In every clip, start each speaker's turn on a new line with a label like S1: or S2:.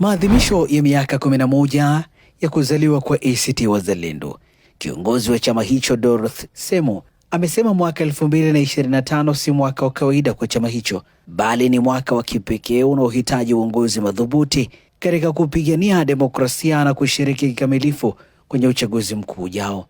S1: Maadhimisho ya miaka 11 ya kuzaliwa kwa ACT Wazalendo. Kiongozi wa chama hicho Dorothy Semo amesema mwaka 2025 si mwaka wa kawaida kwa chama hicho, bali ni mwaka wa kipekee unaohitaji uongozi madhubuti katika kupigania demokrasia na kushiriki kikamilifu kwenye uchaguzi mkuu ujao.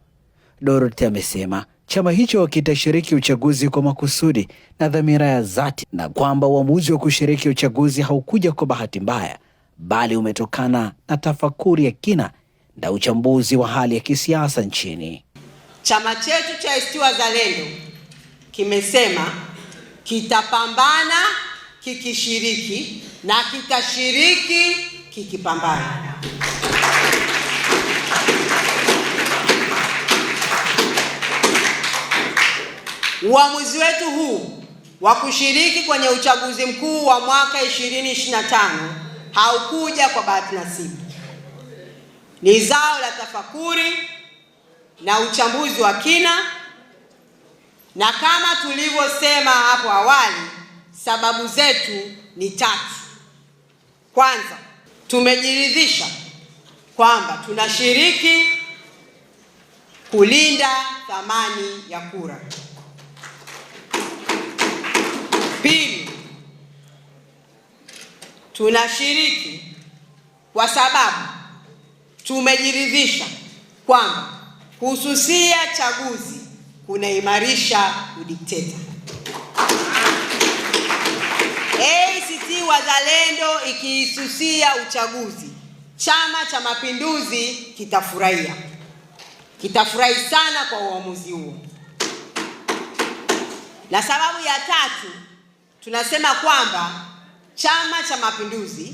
S1: Dorothy amesema chama hicho kitashiriki uchaguzi kwa makusudi na dhamira ya dhati, na kwamba uamuzi wa kushiriki uchaguzi haukuja kwa bahati mbaya bali umetokana na tafakuri ya kina na uchambuzi wa hali ya kisiasa nchini.
S2: Chama chetu cha ACT Wazalendo kimesema kitapambana kikishiriki na kitashiriki kikipambana. Uamuzi wetu huu wa kushiriki kwenye uchaguzi mkuu wa mwaka 2025 haukuja kwa bahati nasibu, ni zao la tafakuri na uchambuzi wa kina, na kama tulivyosema hapo awali, sababu zetu ni tatu. Kwanza, tumejiridhisha kwamba tunashiriki kulinda thamani ya kura. Pili, tunashiriki kwa sababu tumejiridhisha kwamba kuhususia chaguzi kunaimarisha udikteta. ACT Wazalendo ikihususia uchaguzi, Chama cha Mapinduzi kitafurahia, kitafurahi sana kwa uamuzi huo. Na sababu ya tatu tunasema kwamba Chama cha Mapinduzi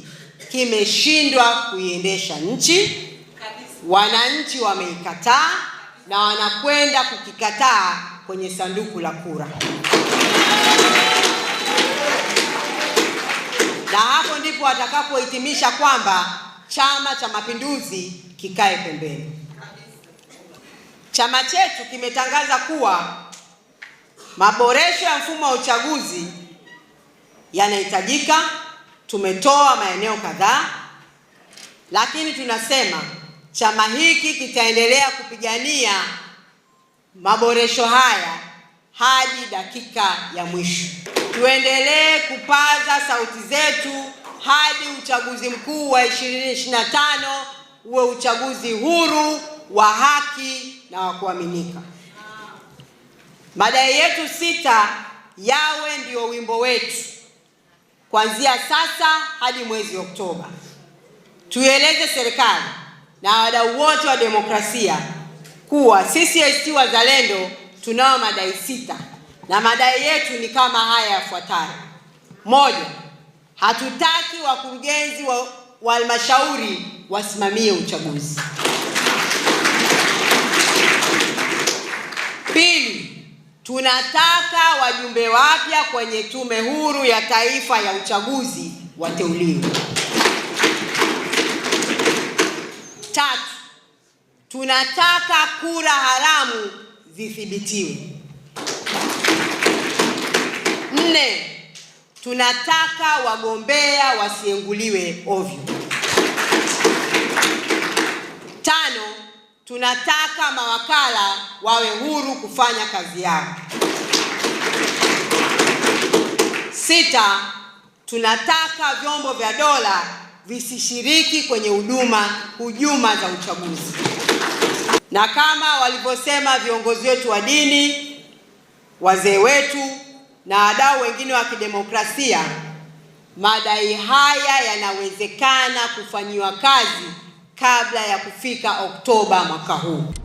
S2: kimeshindwa kuiendesha nchi, wananchi wameikataa na wanakwenda kukikataa kwenye sanduku la kura, na hapo ndipo watakapohitimisha kwamba Chama cha Mapinduzi kikae pembeni. Chama chetu kimetangaza kuwa maboresho ya mfumo wa uchaguzi yanahitajika. Tumetoa maeneo kadhaa, lakini tunasema chama hiki kitaendelea kupigania maboresho haya hadi dakika ya mwisho. Tuendelee kupaza sauti zetu hadi uchaguzi mkuu wa 2025 uwe uchaguzi huru wa haki na wa kuaminika. Madai yetu sita yawe ndio wimbo wetu kuanzia sasa hadi mwezi Oktoba. Tuieleze serikali na wadau wote wa demokrasia kuwa sisi ACT Wazalendo tunao madai sita na madai yetu ni kama haya yafuatayo: moja, hatutaki wakurugenzi wa halmashauri wasimamie uchaguzi. Tunataka wajumbe wapya kwenye Tume Huru ya Taifa ya Uchaguzi wateuliwe. Tatu, tunataka kura haramu zithibitiwe. Nne, tunataka wagombea wasienguliwe ovyo. Tano, tunataka mawakala wawe huru kufanya kazi yao. Sita, tunataka vyombo vya dola visishiriki kwenye huduma hujuma za uchaguzi, na kama walivyosema viongozi wetu wa dini, wazee wetu na wadau wengine wa kidemokrasia, madai haya yanawezekana kufanyiwa kazi kabla ya kufika Oktoba mwaka huu.